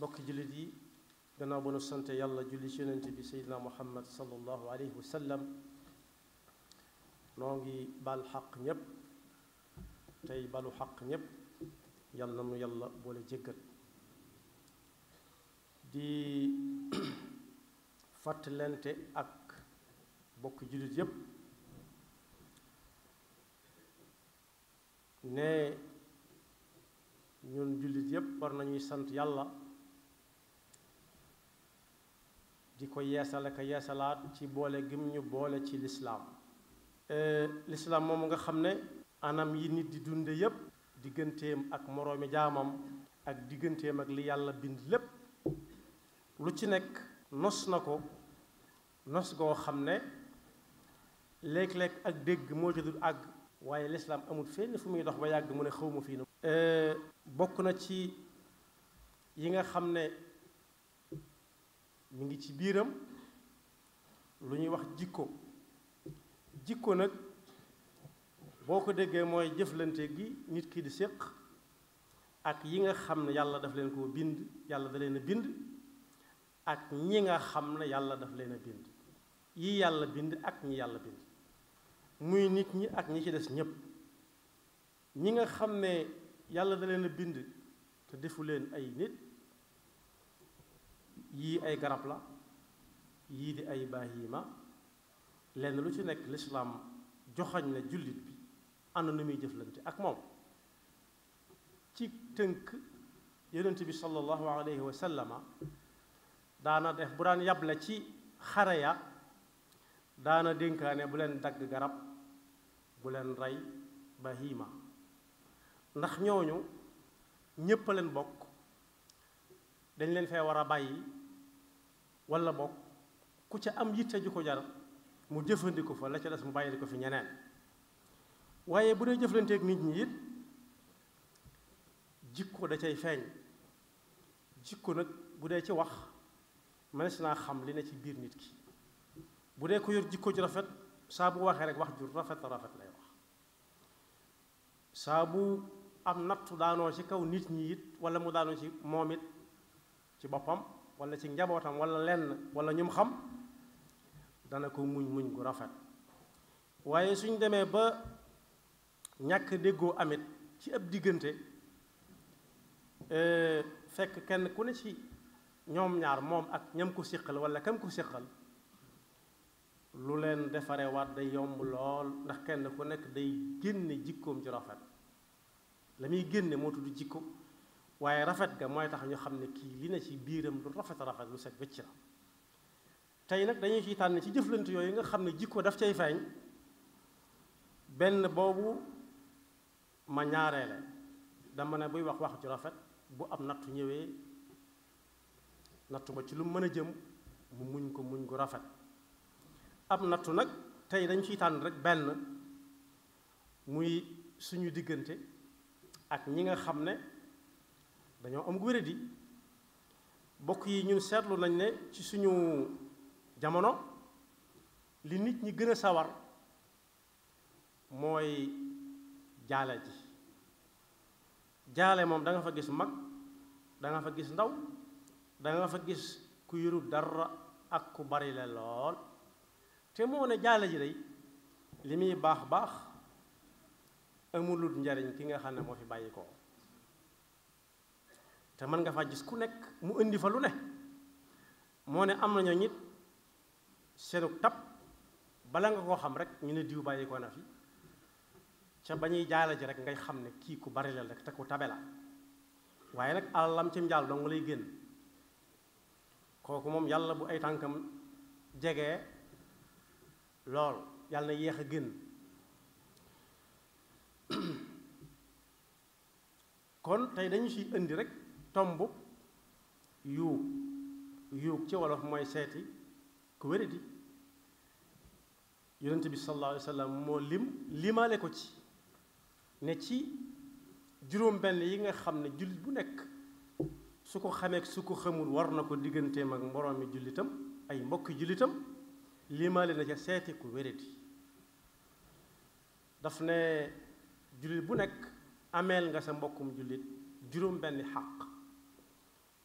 bokki jullit yi gannaaw ba nu sante yàlla julli ci yonent bi seydina muhammad sallallahu alayhi wa sallam noo ngi baal xaq ñépp tey balu xaq ñépp yàlla na nu yàlla boole jéggal di fàttalente ak bokki jullit yépp ne ñun jullit yépp war nañuy sant yàlla di ko yeesal ak yeesalaat ci boole gim ñu boole ci lislaam euh, lislaam moomu nga xam ne anam yi nit di dunde yépp digganteem ak moroomi jaamam ak digganteem ak li yàlla bind lépp lu ci nekk nos na ko nos goo xam ne léeg-léeg ak dégg moo ci àgg waaye lislaam amul fenn fu muy dox ba yàgg mu ne ma fii na euh, bokk na ci yi nga xam ne mu ngi ci biiram lu ñuy wax jikko jikko nag boo ko déggee mooy jëflante gi nit ki di séq ak yi nga xam ne yàlla daf leen koo bind yàlla da leen a bind ak ñi nga xam ne yàlla daf leen a bind yi yàlla bind ak yàlla bind muy nit ñi ak ñi ci des ñépp ñi nga xam ne yàlla da leen a bind te defu leen ay nit yii ay garab la yii di ay bahiima lenn lu ci nekk lislaam joxañ na jullit bi ànd na muy jëflante ak moom ci tënk yonent bi sallallahu alayhi wa daana def bu daan yàble ci xare ya daana dénkaane bu leen dagg garab bu leen rey bahiima ndax ñooñu ñépp a bokk dañ leen fee war a bàyyi wala boog ku ca am yitte ju ko jar mu jëfandiku fa la ca des mu bàyyi ko fi ñeneen waaye bu dee jëflanteek nit ñi it jikko da cay feeñ jikko nag bu dee ci wax mënees naa xam li ne ci biir nit ki bu dee ko yor jikko ju rafet saa bu waxee rek wax ju rafet rafet lay wax saa bu am nattu daanoo ci kaw nit ñi it wala mu daanoo ci moom it ci boppam wala ci njabootam walla lenn wala ñum xam dana ko muñ muñ gu rafet waaye suñ demee ba ñàkk déggoo amit ci ab diggante euh, fekk kenn ku ne ci ñoom ñaar moom ak ñam ko siqal wala kam ko siqal lu leen defarewaat day yomb lool ndax kenn ku nekk day génne jikkoom ju rafet la muy génne moo tudd jikko waaye rafet ga mooy tax ñu xam ne kii li na ci biiram lu rafet rafet lu set wécc la tey nag dañuy ciy tànn ci jëflante yooyu nga xam ne jikko daf cay feeñ benn boobu ma ñaareele dama ne buy wax wax ju rafet bu am nattu ñëwee nattu ba ci lu mën a jëm mu muñ ko muñ gu rafet am nattu nag tey dañu ciy tànn rek benn muy suñu diggante ak ñi nga xam ne dañoo am wéradi bokk yi ñun seetlu nañ ne ci suñu jamono li nit ñi gën a sawar mooy jaale ji jaale moom danga fa gis mag da fa gis ndaw da fa gis ku yoru dara ak ku bari la lool te moo ne jaale ji day li muy baax baax amulut njariñ ki nga xam ne moo fi bàyyi ko te mën nga fa gis ku nekk mu indi fa lu ne moo ne am nañu nit seenu tab bala nga koo xam rek ñu ne diw bàyyi ko na fi ca ba ñuy jaala ji rek ngay xam ne kii ku bari la rek te ku tabe la waaye nag alalam ci njaal dong lay génn kooku moom yàlla bu ay tànkam jegee lool yàlla yéex a génn kon tey dañu ciy indi rek tomb yuug yuug ci wolof mooy seeti ku wéradi yonent bi sallallahu alayhi wa sallam moo lim limaale ko ci ne ci juróom-benn yi nga xam ne jullit bu nekk su ko xamee su ko xamul war na ko digganteem ak moroomi jullitam ay mbokki jullitam limaale na ca seeti ku wéradi daf ne jullit bu nekk ameel nga sa mbokkum jullit juróom-benni xàq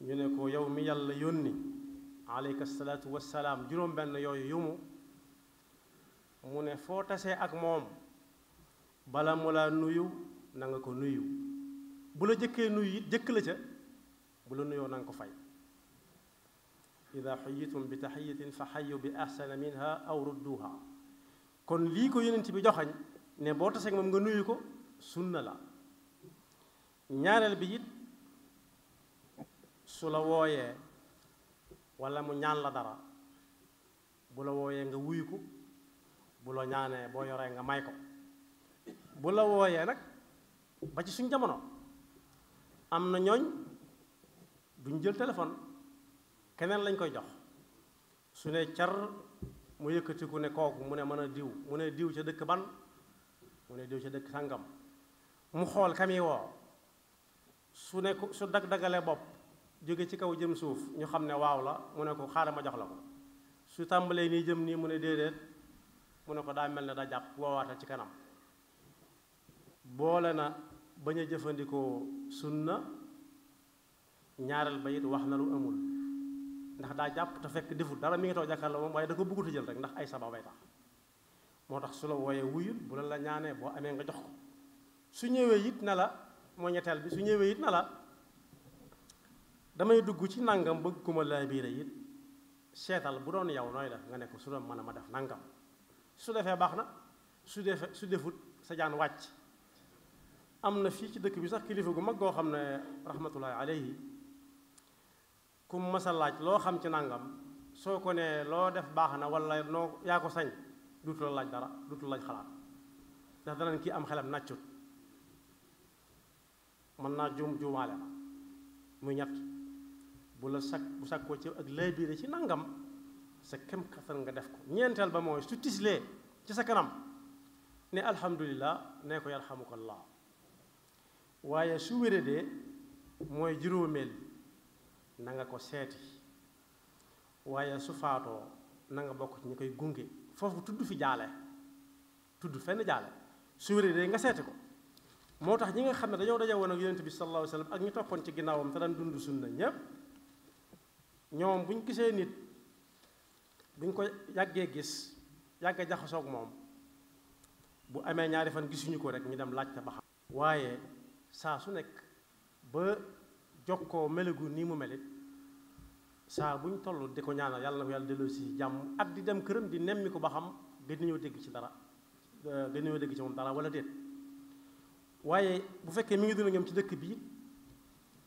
ñu ne ko yow mi yàlla yónni aleyka salaatu wassalaam juróom-benn yooyu yumu mu ne foo tasee ak moom balaa mu laa nuyu na nga ko nuyu bu la jëkkee nuyu it jëkk la ca bu la nuyoo na ko fay ida xuyitum bi taxiyatin fa xayu bi ahsana minha aw rudduha kon lii ko yonent bi joxañ ne boo tasee ak moom nga nuyu ko sunna la ñaareel bi it su la wooyee walla mu ñaan la dara bu la wooyee nga wuyu ko bu la ñaanee boo yoree nga may ko bu la wooyee nag ba ci suñ jamono am na ñooñ duñ jël téléphone keneen lañ koy jox su ne car mu yëkkatiku ne kooku mu ne mën a diw mu ne diw ca dëkk ban mu ne diw ca dëkk sàngam mu xool kami woo su ne su dag-dagalee bopp jóge ci kaw jëm suuf ñu xam ne waaw la mu ne ko xaaral ma jox la ko su tàmbalee nii jëm nii mu ne déedéet mu ne ko daa mel ne da jàpp woowaatal ci kanam boole na bañ a jëfandikoo sunna ñaareel ba it wax na lu amul ndax daa jàpp te fekk deful dara mi ngi toog jàkkaar la moom waaye da ko bëggut a jël rek ndax ay sababay tax moo tax su la wooyee wuyul bu la la ñaanee boo amee nga jox ko su ñëwee it na la moo ñetteel bi su ñëwee it na la damay dugg ci nangam bëgg kuma laa biire it seetal bu doon yow nooy def nga nekk su doon mën a ma def nangam su defee baax na su defe su defut sa jaan wàcc am na fii ci dëkk bi sax kilifa gu mag goo xam ne rahmatullahi alayhi ku masa laaj loo xam ci nangam soo ko nee loo def baax na wala noo yaa ko sañ duutu la laaj dara duutu laaj xalaat ndax danañ kii am xelam nàccut mën naa juum juumaale ma ñett bu la sakk bu sakkoo ci ak lay biire ci nangam sa kem kattan nga def ko ñeenteel ba mooy su tislee ci sa kanam ne alhamdulillah ne ko yarhamukallah waaye su wéradee mooy juróomeel na nga ko seeti waaye su faatoo na nga bokk ci ñi koy gunge foofu tudd fi jaale tudd fenn jaale su wéradee nga seeti ko moo tax ñi nga xam ne dañoo daje woon ak yonent bi sallallahu alayhi ak ñu toppoon ci ginnaawam te daan dund na ñépp ñoom bu ñu gisee nit buñ ko yàggee gis yàgg jaxasoog moom bu amee ñaari fan gisuñu ko rek ñu dem laaj ta ba xam waaye saa su nekk ba jokkoo melagu nii mu melit saa bu ñu toll di ko ñaanal yàlla na ko yàlla delloo si jàmm ak di dem këram di nemmi ko ba xam gën nañoo dégg ci dara euh, gën nañoo dégg ci moom dara wala déet waaye bu fekkee mu ngi dund ñoom ci dëkk bi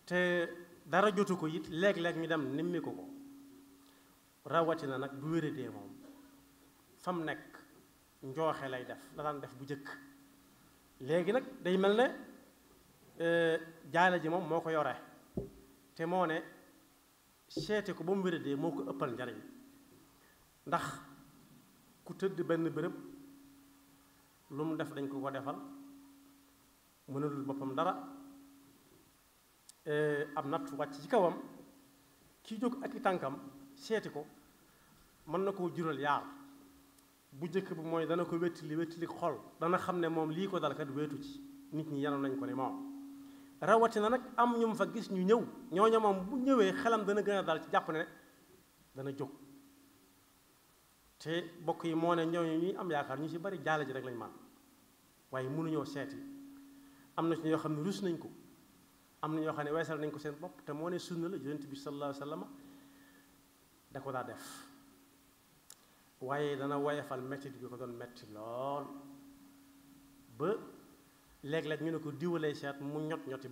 te dara jotu ko it léeg-léeg ñu dem nimmiku ko rawatina nag bu wéradee moom fam nekk njooxe lay def la daan def bu jëkk léegi nag day mel ne e, jaale ji moom moo ko yore te moo ne seete ko ba mu wéradee moo ko ëppal njariñ ndax ku tëdd benn bërëb lu mu def dañ ko ko defal mënalul boppam dara Eh, ab natt wàcc ci kawam ki jóg ak tànkam seeti ko mën na koo jural yaar bu njëkk bi mooy dana ko wettili wettili xol dana xam ne moom lii ko dalkat weetu ci nit ñi yenoon nañ ko ne moom na nag am ñu mu fa gis ñu ñëw ñoo ñooñu moom bu ñëwee xelam dana gën a dal ci jàpp ne dana jóg te bokk yi moo ne ñooñu ñuy am yaakaar ñu ci bari jaale ji rek lañ man waaye mënuñoo seeti am na ci ñoo xam ne rus nañ ko am na ñoo xam ne weesal nañ ko seen bopp te moo ne sunna la bi sallallahu alayhi wa def waaye dana woyefal mettit bi ko doon metti ba léeg-léeg ñu ne ko diwalay seet mu ñot ñoti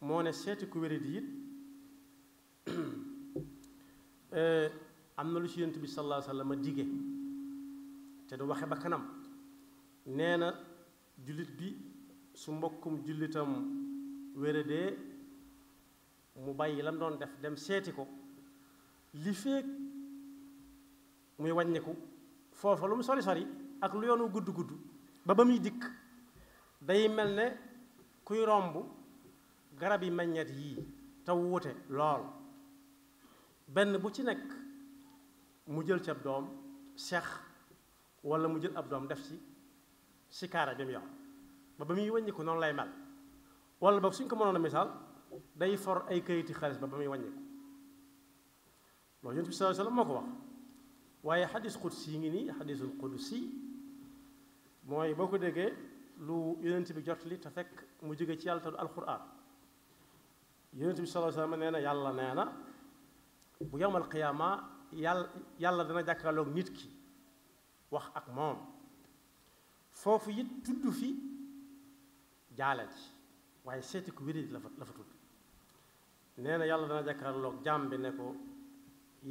ba seeti ku wéradi eh, am na lu ci yonent bi sallallahu alayhi wa sallam te du waxe ba kanam nee na jullit bi su mbokkum jullitam wéradee mu bàyyi lam doon def dem seeti ko li feek muy wàññiku foofa lu mu sori sori ak lu yoonu gudd gudd ba ba muy dikk day mel ne kuy romb garab yi meññet yii te wuute lool benn bu ci nekk mu jël ci ab doom seex walla mu jël ab doom def ci si bi mu yor ba ba muy wàññiku noonu lay mel wala boog suñ ko mënoon a misaal day for ay kayiti xaalis ba ba muy wàññiku loolu yonent bi sallallahu alayhi wax waaye xadis ngi nii xadisul qudsi mooy boo ko déggee lu yonent bi jot li te fekk mu jóge ci yàlla te du alquran yonent bi na yàlla nee na bu yàlla yàlla dana jàkkaarloog nit ki wax ak moom foofu it tudd fi jaale ci waaye seeti ko wéri la fa la fa tudd nee na yàlla dana jàkkaarloog jaam bi ne ko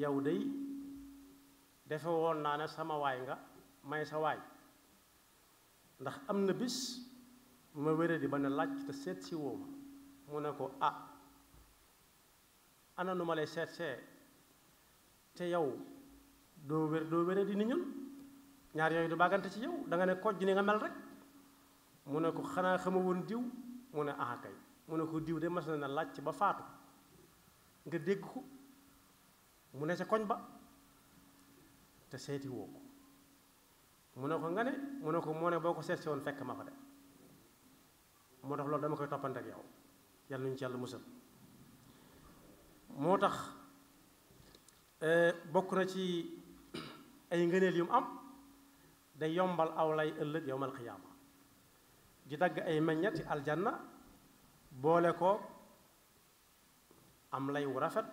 yow day defe woon naa ne sama waay nga may sa waay ndax am na bis ma wére di ba ne laaj te seet si wooma mu ne ko ah ana nu ma lay seet see te yow doo wér doo wére di ni ñun ñaar yooyu du bàggante ci yow da nga ne koj ni nga mel rek mu ne ko xanaa xama woon diw mu ne ah kay mu ne ko diw de mas na laaj ba faatu nga dégg ko mu ne sa koñ ba te seeti woo ko mu ne ko nga ne mu ne ko moo ne boo ko seet woon fekk ma fa de moo tax loolu dama koy toppante ak yow yàlla nañu ci yàlla musal moo tax eh, bokk na ci ay ngëneel yu mu am day yombal aw lay ëllëg yow yowmal xiyaama di dagg ay meññet ci aljanna boole ko am lay rafet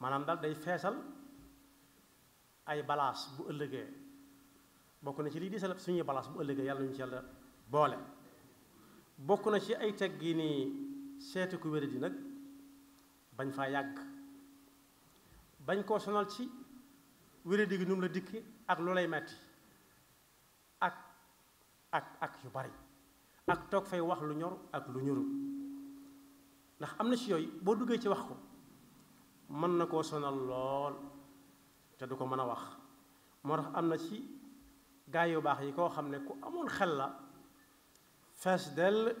maanaam daal day feesal ay balaas bu ëllëgee bokk na ci lii di suñuy balaas bu ëllëgee yàlla ñu ci yàlla boole bokk na ci ay teg gi nii seeti ku wéradi nag bañ fa yàgg bañ koo sonal ci wéradi gi nu la dikki ak lu lay metti ak ak ak yu bari ak toog fay wax lu ñor ak lu ñorul ndax am na ci yooyu boo duggee ci wax ko mën na koo sonal lool te du ko mën a wax moo tax am na ci gaa yu baax yi koo xam ne ku amoon xel la fees dell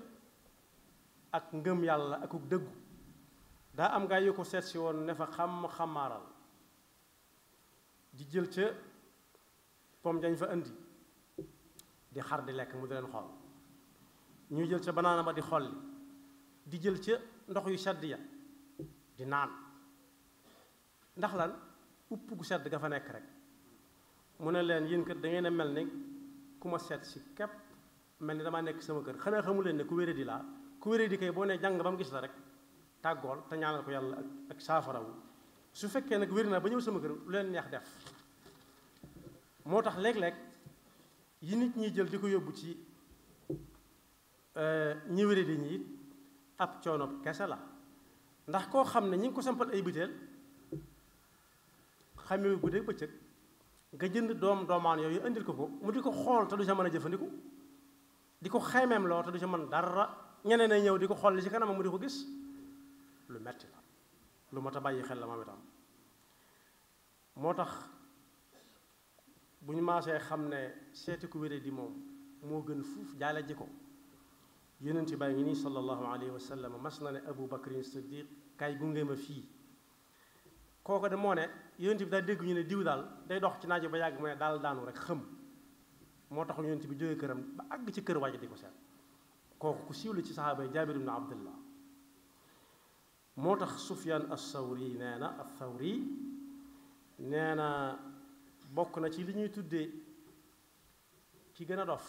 ak ngëm yàlla akuk dëggu daa am gaay yu ko seet woon ne fa xam xamaaral di jël ca pom jañ fa indi di xar di lekk mu di leen xool ñu jël ca banaana ba di xolli di jël ca ndox yu sedd ya di naan ndax lan upp ku sedd ga fa nekk rek mu ne leen yéen kër da ngeen a mel ni ku ma seet si képp mel ni damaa nekk sama kër xanaa xamu leen ne ku wéré di laa ku wéré di kay boo ne jàng ba mu gis la rek tàggool te ñaanal ko yàlla ak saafarawu su fekkee nag wér naa ba ñëw sama kër lu leen neex def moo tax léeg-léeg yi nit ñi jël di ko yóbbu ci Euh, ñi wéradi ñi it ab coono kese la ndax koo xam ne ñi ngi ko sampal ay biteel xamee guddeeg bëccëg nga jënd doom doomaan yooyu indil ko ko mu di ko xool te du sa mën a jëfandiku di ko xaymeem loo te du sa mën dara ñeneen a ñëw di ko xool li ci kanama mu di ko gis lu metti la lu mat a bàyyi xel la ma itam moo tax bu ñu maasee xam ne seeti ku wéradi moom moo gën fuuf jaale ji ko yonent baa ngi nii sallallahu alayhi wa sallam mas na ne Abu Bakrin Siddiq kaay gunge ma fii kooku de moo ne yonent bi daa dégg ñu ne diw daal day dox ci naajo ba yàgg mu ne daal daanu rek xëm moo tax yonent bi jógee këram ba àgg ci kër waaja di ko seet kooku ku siiw la ci saxaaba yi Jaabir ibn Abdullah moo tax Sufyaan as-Sawri nee na as-Sawri nee na bokk na ci li ñuy tuddee ci gën a dof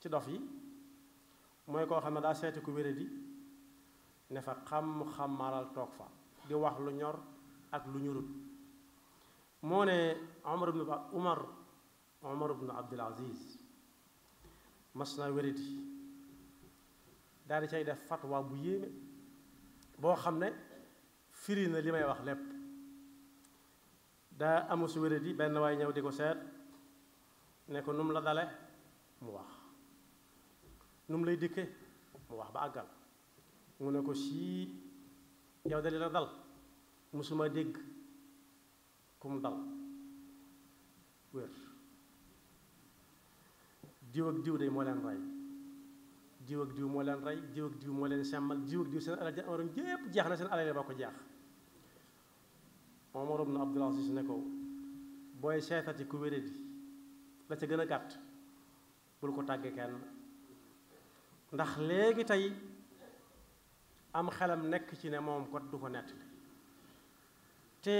ci dof yi mooy koo xam ne daa seeti ku wéradi ne fa xam-xam maral toog fa di wax lu ñor ak lu ñurut moo ne Umar ibn Umar mas naa wéradi daal di cay def fatwa bu yéeme boo xam ne firi na li may wax lépp daa amu su wéradi benn waay ñëw di ko seet ne ko num la dale mu wax nu mu lay dikkee mu wax ba àggal mu ne ko sii yow dali la dal musuma dégg ku mu dal wér diw ak diw day moo leen rey diw ak diw moo leen rey moo leen semmal diw ak diw seen alal ja amaroon jépp jeex na seen alal ba ko jeex Omar ibn Abdul Aziz ne ko booy seetati ku wéradi la ca gën a gàtt bul ko tàggee kenn ndax léegi tey am xelam nekk ci ne moom kot du ko nettali te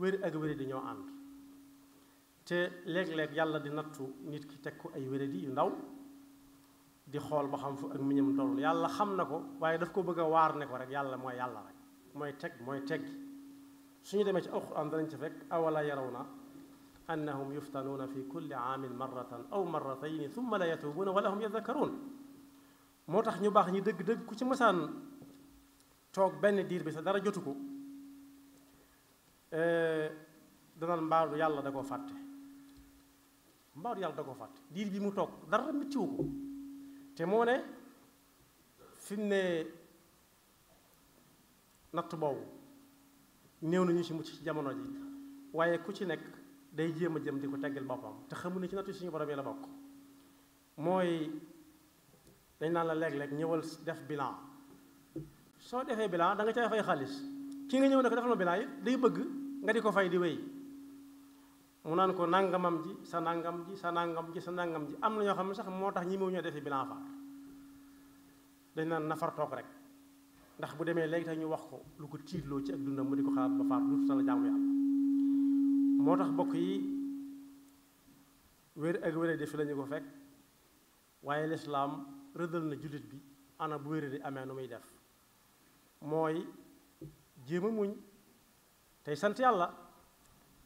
wér ak wér di ànd te léeg-léeg yàlla di nattu nit ki teg ko ay wéradi yu ndaw di xool ba xam fu ak miñam toll yàlla xam na ko waaye daf ko bëgg waar ne ko rek yàlla mooy yàlla mooy teg mooy teggi suñu demee ci alxuraan danañ ci fekk awala yaraw na annahum yuftanuuna fi kulli aamin marratan aw marratayni summa la yatuubuuna wala hum yadakkaruun moo tax ñu baax ñi dëgg-dëgg ci masaan toog benn diir bi sa dara jotu ko eh, danaan mbaaru yàlla da koo fàtte mbaaru yàlla da koo fàtte diir bi mu toog dara méttiwu ko te moo ne fi ne natt boobu néew nañu ci mucc ci jamono ji waaye ku ci nekk day jéem a jëm di ko teggil boppam te xamu ne ci nattu ñu borom yi la bokk mooy dañ naan la lekk léeg ñëwal def bilan soo defee bilan danga nga cay xaalis ki nga ñëw ne ko defal ma bilan it day bëgg nga di ko fay di wéy mu naan ko nangamam ji sa nangam ji sa nangam sa nangam ji am na ñoo xam ne sax moo tax ñi mu ñoo defi bilan far dañ naan nafar toog rek ndax bu demee léegi tax ñu wax ko lu ko tiitloo ci ak dundam mu di ko xalaat ba faar duutu sa la jaamu yàlla moo tax bokk yi wér ak wéradi fi lañu ko fekk waaye lislaam rëddal na jullit bi ana bu wéradi amee nu muy def mooy jéem a muñ tey sant yàlla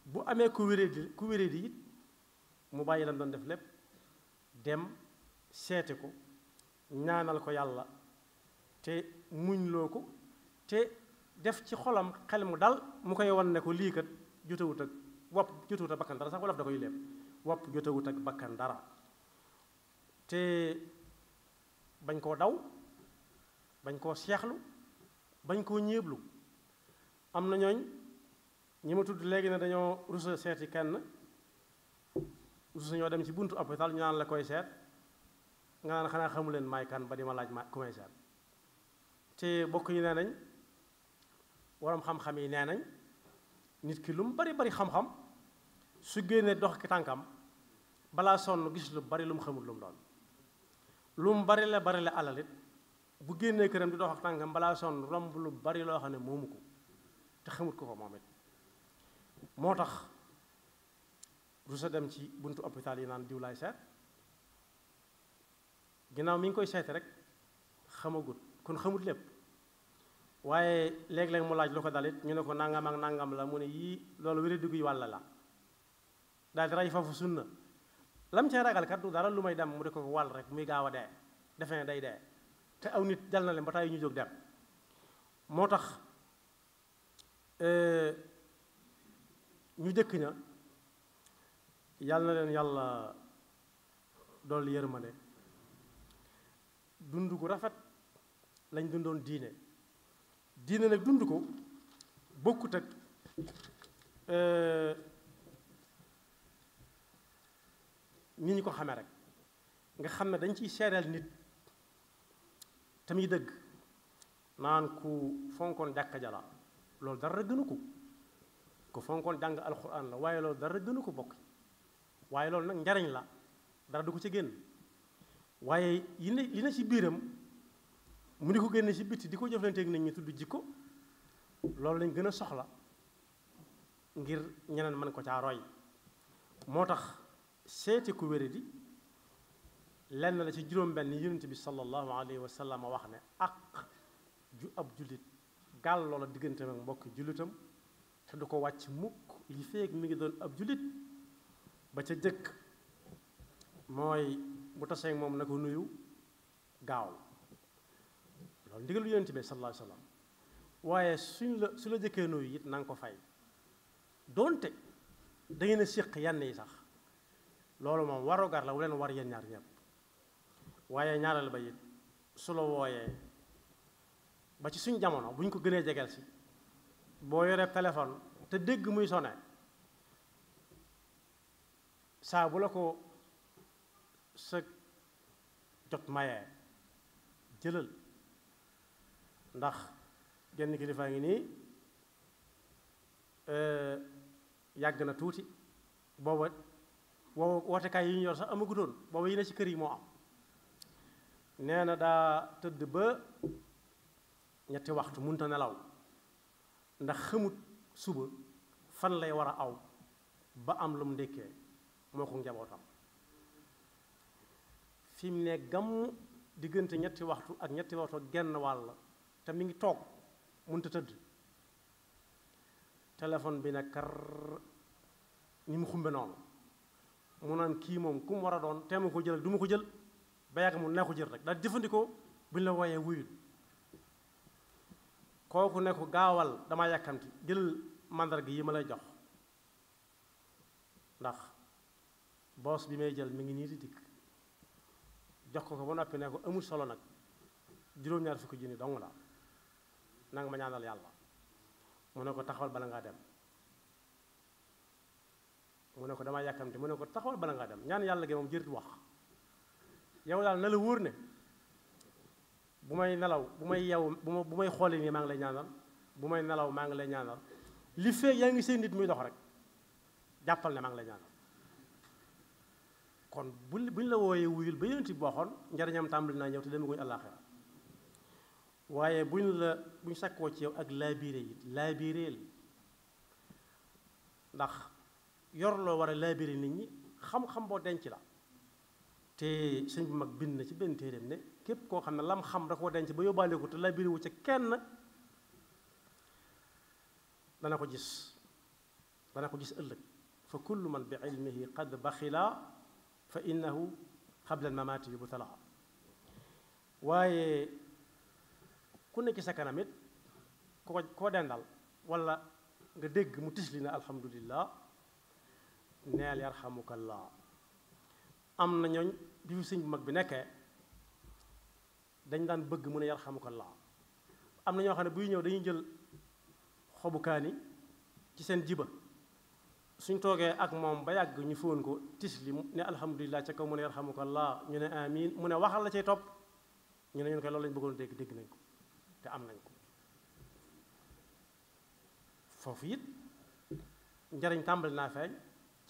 bu amee ku wéradi ku it mu bàyyi lañ doon def lépp dem seeti ko ñaanal ko yàlla te muñloo ko te def ci xolam xel mu dal mu koy wan ne ko lii kat jutawut ak wopp jotewut ak bakkan dara sax wolof da koy lépp wopp jotewut ak bakkan dara te bañ koo daw bañ koo seexlu bañ koo ñéeblu am na ñooñ ñi ma tudd léegi ne dañoo rusa seeti kenn rusa ñoo dem ci buntu hôpital ñu naan la koy seet nga naan xanaa xamu leen maay kan ba di ma laaj ma ku may seet te bokk yi nee nañ waroom xam-xam yi nee nañ nit ki lu mu bari bari xam-xam su génnee dox ki tànkam balaa sonn gis lu bari lu mu xamul lu mu doon lu mu bari la bari la alalit bu génnee këram di dox ak tànkam balaa sonn romb lu bari loo xam ne moomu ko te xamul ko ko moom it moo tax du dem ci buntu hôpital yi naan diw laay seet ginnaaw mi ngi koy seete rek xamagut kon xamut lépp waaye léeg-léeg mu laaj lu ko dalit ñu ne ko nangam ak nangam la mu ne yii loolu wéri dugg yi wàlla la daal di rey foofu sunna lam cay ragal kat du dara lu may dem mu di ko wàll rek muy gaaw a dee defe ne day dee te aw nit dal na leen ba tàyyi ñu jóg dem moo tax e, ñu jëkk ña yàlla na leen yàlla dool yërmande dund gu rafet lañ dundoon diine diine nag dund ko bokkut ak e, ni ñu ko xame rek nga xam ne dañ ciy seereel nit tamit dëgg naan ku fonkoon jàkka jala loolu dara gënu ko ku fonkoon jàng alxuraan la waaye loolu dara gënu ko bokk waaye loolu nag njariñ la dara du ko ci génn waaye yi ne li na ci biiram mu di ko génne ci bitti di ko jëflanteeg nit ñi tudd jikko loolu lañ gën a soxla ngir ñeneen mën ko caa roy moo tax seeti ku wéradi lenn la ci juróom-benn yonent bi sallallahu alayhi wa sallam wax ne ak ju ab jullit gàll loola digganteem ak mbokki jullitam te du ko wàcc mukk li feeg mi ngi doon ab jullit ba ca jëkk mooy bu tasee moom na ko nuyu gaaw loolu ndigalu yonent bi sallallahu alayhi waaye suñ la su la jëkkee nuyu it nanga ko fay doonte da ngeen a séq yann yi sax loolu moom warugar la wu leen war yéen ñaar ñëpp waaye ñaareel ba it su la wooyee ba ci suñ jamono bu ñu ko gënee jegel si boo yoree téléphone te dégg muy sone saa bu la ko sa jot mayee jëlal ndax genn kilifaa ngi nii euh, yàgg na tuuti booba booba wootekaay yi ñu yor sax amagutoon booba yi ne ci kër yi moo am nee na daa tëdd ba ñetti waxtu munta nelaw ndax xamut suba fan lay war a aw ba am lu mu ndékkee moo ko njabootam fi mu ne gam diggante ñetti waxtu ak ñetti waxtu genn wàll te mi ngi toog munta tëdd téléphone bi nag kar ni mu xumbe noonu mu naan kii moom ku mu war a doon teema ko jël du ma ko jël ba yàgg mu naa jël rek daal jëfandikoo bu ñu la wooyee wuyul kooku ne gaawal damaa yàkkamti jëlal màndarga yi ma lay jox ndax boos bi may jël mi ngi nii di dikk jox ko ko ba noppi ne ko amul solo nag juróom-ñaar fukki junni dong la nanga ma ñaanal yàlla mu ne ko taxawal bala ngaa dem mu ne ko damaa yàkkamte mu ne ko taxawal bala ngaa dem ñaan yàlla gi moom jërët wax yow daal na la wóor ne bu may nelaw bu may yow bu ma bu may xoole nii maa ngi lay ñaanal bu may nelaw maa ngi lay ñaanal li fee yaa ngi seen nit muy dox rek jàppal ne maa ngi lay ñaanal kon bu buñ la wooyee wuyul ba yonent bi waxoon njariñam tàmbali naa ñëw te demaguñu àllaaxira waaye buñ la buñ sakkoo ci yow ak laabiire yi laabiireel ndax yor loo war a laabiri nit ñi xam-xam boo denc la te sëñ bu mag bind na ci benn téeréem ne képp koo xam ne lam xam da koo denc ba yóbbaale ko te laabiri wu ca kenn dana ko gis dana ko gis ëllëg fa kullu man bi ilmihi qad baxila fa innahu qabla al mamaati yu bu talaa waaye ku nekk sa kanam it ko koo dendal wala nga dégg mu tisli na alhamdulillah neel yarhamukallah am na ñooñ bi fi sëñ bu mag bi nekkee dañ daan bëgg mu ne yarhamukallah am na ñoo xam ne buy ñëw dañuy jël xobu kaani ci seen jiba suñ toogee ak moom ba yàgg ñu fóon ko tisli ne alhamdulilah ca kaw mu ne yarhamukallah ñu ne amin mu ne waxal la cay topp ñu ne ñun koy loolu lañ bëggoon dégg dégg nañ ko te am nañ ko foofu it njariñ tàmbali naa feeñ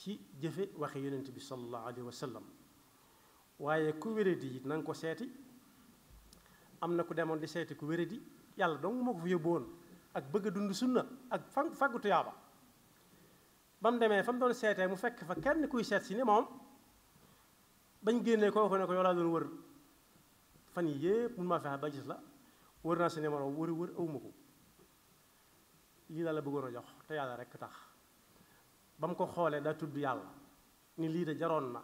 ci jëfe waxe yonent bi sallallahu alayhi wa sallam waaye ku wéradi yi na ko seeti am na ku demoon di seeti ku wéradi yàlla dong moo ko fa yóbbuwoon ak bëgg a dund sunna ak fan fàggu tuyaaba ba mu demee fa mu doon seetee mu fekk fa kenn kuy seet si ni moom bañ génnee kooku ne ko yow laa doon wër fan yi yépp mun maa fexe ba gis la wër naa si numéro wër wër awuma ko lii laa la bëggoon a jox te yàlla rekk tax ba mu ko xoolee daa tudd yàlla ni lii de jaroon na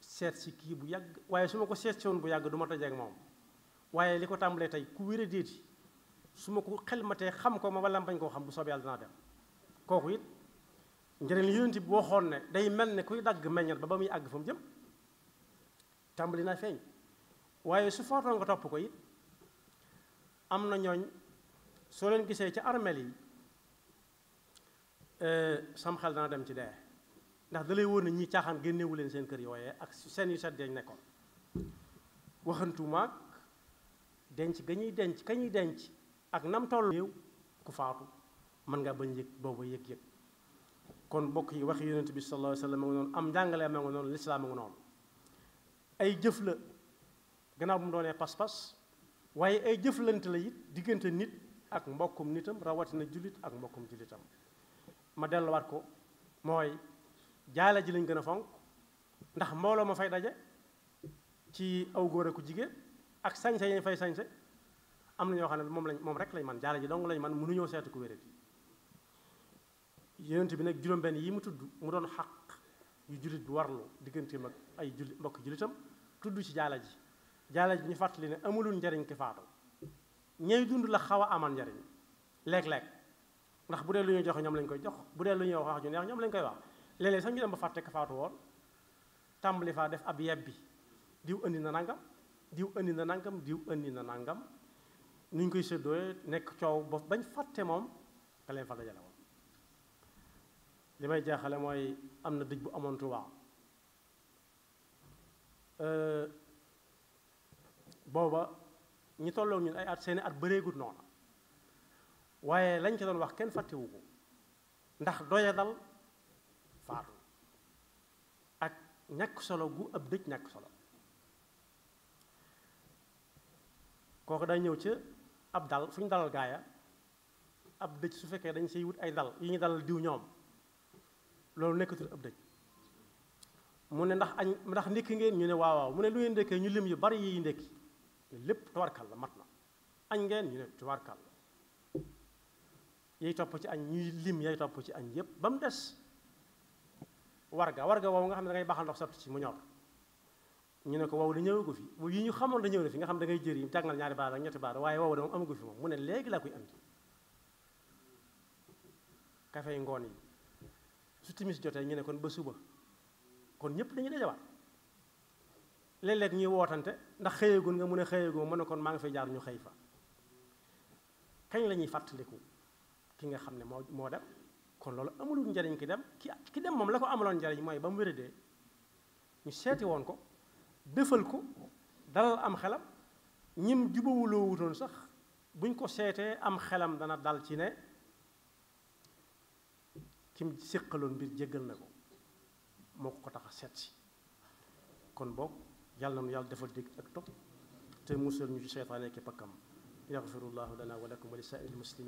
seet si kii bu yàgg waaye su ma ko seet si woon bu yàgg du ma moom waaye li ko tàmbalee tey ku wér a su ma ko xel xam ko ma wala bañ koo xam bu soobee yàlla dinaa dem kooku it njëriñ li yonent boo xool ne day mel ne kuy dagg meññal ba ba muy àgg fa mu jëm tàmbali naa feeñ waaye su footoo nga topp ko it am na ñooñ soo leen gisee ca armeel yi Euh, sam xel dana dem ci de ndax da lay na ñi caaxaan génnewu leen seen kër yooyee ak su seen yu set dañ nekkoon waxantumaag denc ga ñuy denc ka ñuy denc ak nam toll yow ku faatu mën nga bañ yëg boobu yëg-yëg kon mbokk yi waxi yonent bi sallallahu alayhi wa noonu am njàngale ma nga noonu lislaam ma noonu ay jëf la gannaaw bu mu doonee pas-pas waaye ay jëflante la it diggante nit ak mbokkum nitam rawatina jullit ak mbokkum jullitam ma delluwaat ko mooy jaala ji lañ gën a fonk ndax mbooloo ma fay daje ci aw góor ak ku jigéen ak sañse yañ fay sañse am na ñoo xam ne moom lañ moom rek lañ man jaala ji dong lañ man mënuñoo seetu ku wérati yonent bi nag juróom-benn yi mu tudd mu doon xaq yu jullit bi warlu diggante mag ay jullit mbokk jullitam tudd ci jaala ji jaala ji ñu fàttali ne amulul njariñ ki faatu ñay dund la xaw a amal njariñ léeg-léeg ndax bu dee lu ñuy joxe ñoom lañ koy jox bu dee lu ñuy wax wax ju neex ñoom lañ koy wax léeg-léeg sax ñu dem ba fàtte ka faatu woon tàmbali faa def ab yebbi diw indi na nangam diw indi na nangam diw indi na nangam nuñ koy séddoo nekk coow ba bañ fàtte moom nga leen fa dajale woon li may jaaxale mooy am na dij bu amoon Tuubaa booba ñu tolloog ñun ay at seeni at bëreegut noona waaye lañ ca doon wax kenn fàttewu ko ndax doya dal faatu ak ñàkk solo gu ab dëj ñàkk solo kooku day ñëw ci ab dal fu ñu dalal gaaya ab dëj su fekkee dañ siy wut ay dal yi ñu dalal diw ñoom loolu nekkatul ab dëj mu ne ndax añ ndax ndékki ngeen ñu ne waaw mu ne lu ngeen ndekkee ñu lim yu bari yi ndékki lépp tubaarkal la mat na añ ngeen ñu ne tubaarkal yay topp ci añ ñuy lim yay topp ci añ yépp ba mu des warga warga wow nga xam ne da ngay baxal ndox sotti ci mu ñor ñu ne ko wow da ñëwagu fi yi ñu xamoon da fi nga xam da ngay jër yi tàngal ñaari baar ak ñetti baar waaye wow da moom amagu fi moom ne laa koy andi ngoon yi su jotee ñu ne kon ba suba kon ñëpp dañuy dajawaat léeg ñuy wootante ndax xëyagun nga mu ne xëyagu ma ne kon maa ngi fay jaar ñu xëy fa kañ lañuy fàttaliku ki nga xam ne moo moo dem kon loolu amulul njariñ ki dem ki ki dem moom la ko amaloon njariñ mooy ba mu wéradee ñu seeti woon ko defal ko dalal am xelam ñim jubawuloo wutoon sax buñ ko seetee am xelam dana dal ci ne kim séqaloon mbir jéggal na ko moo ko tax a seet kon boog yàlla na yàlla defal dégg ak topp te musal ñu ci ki pakkam yaxfirullahu lana wa lakum wa li saa'iril muslimin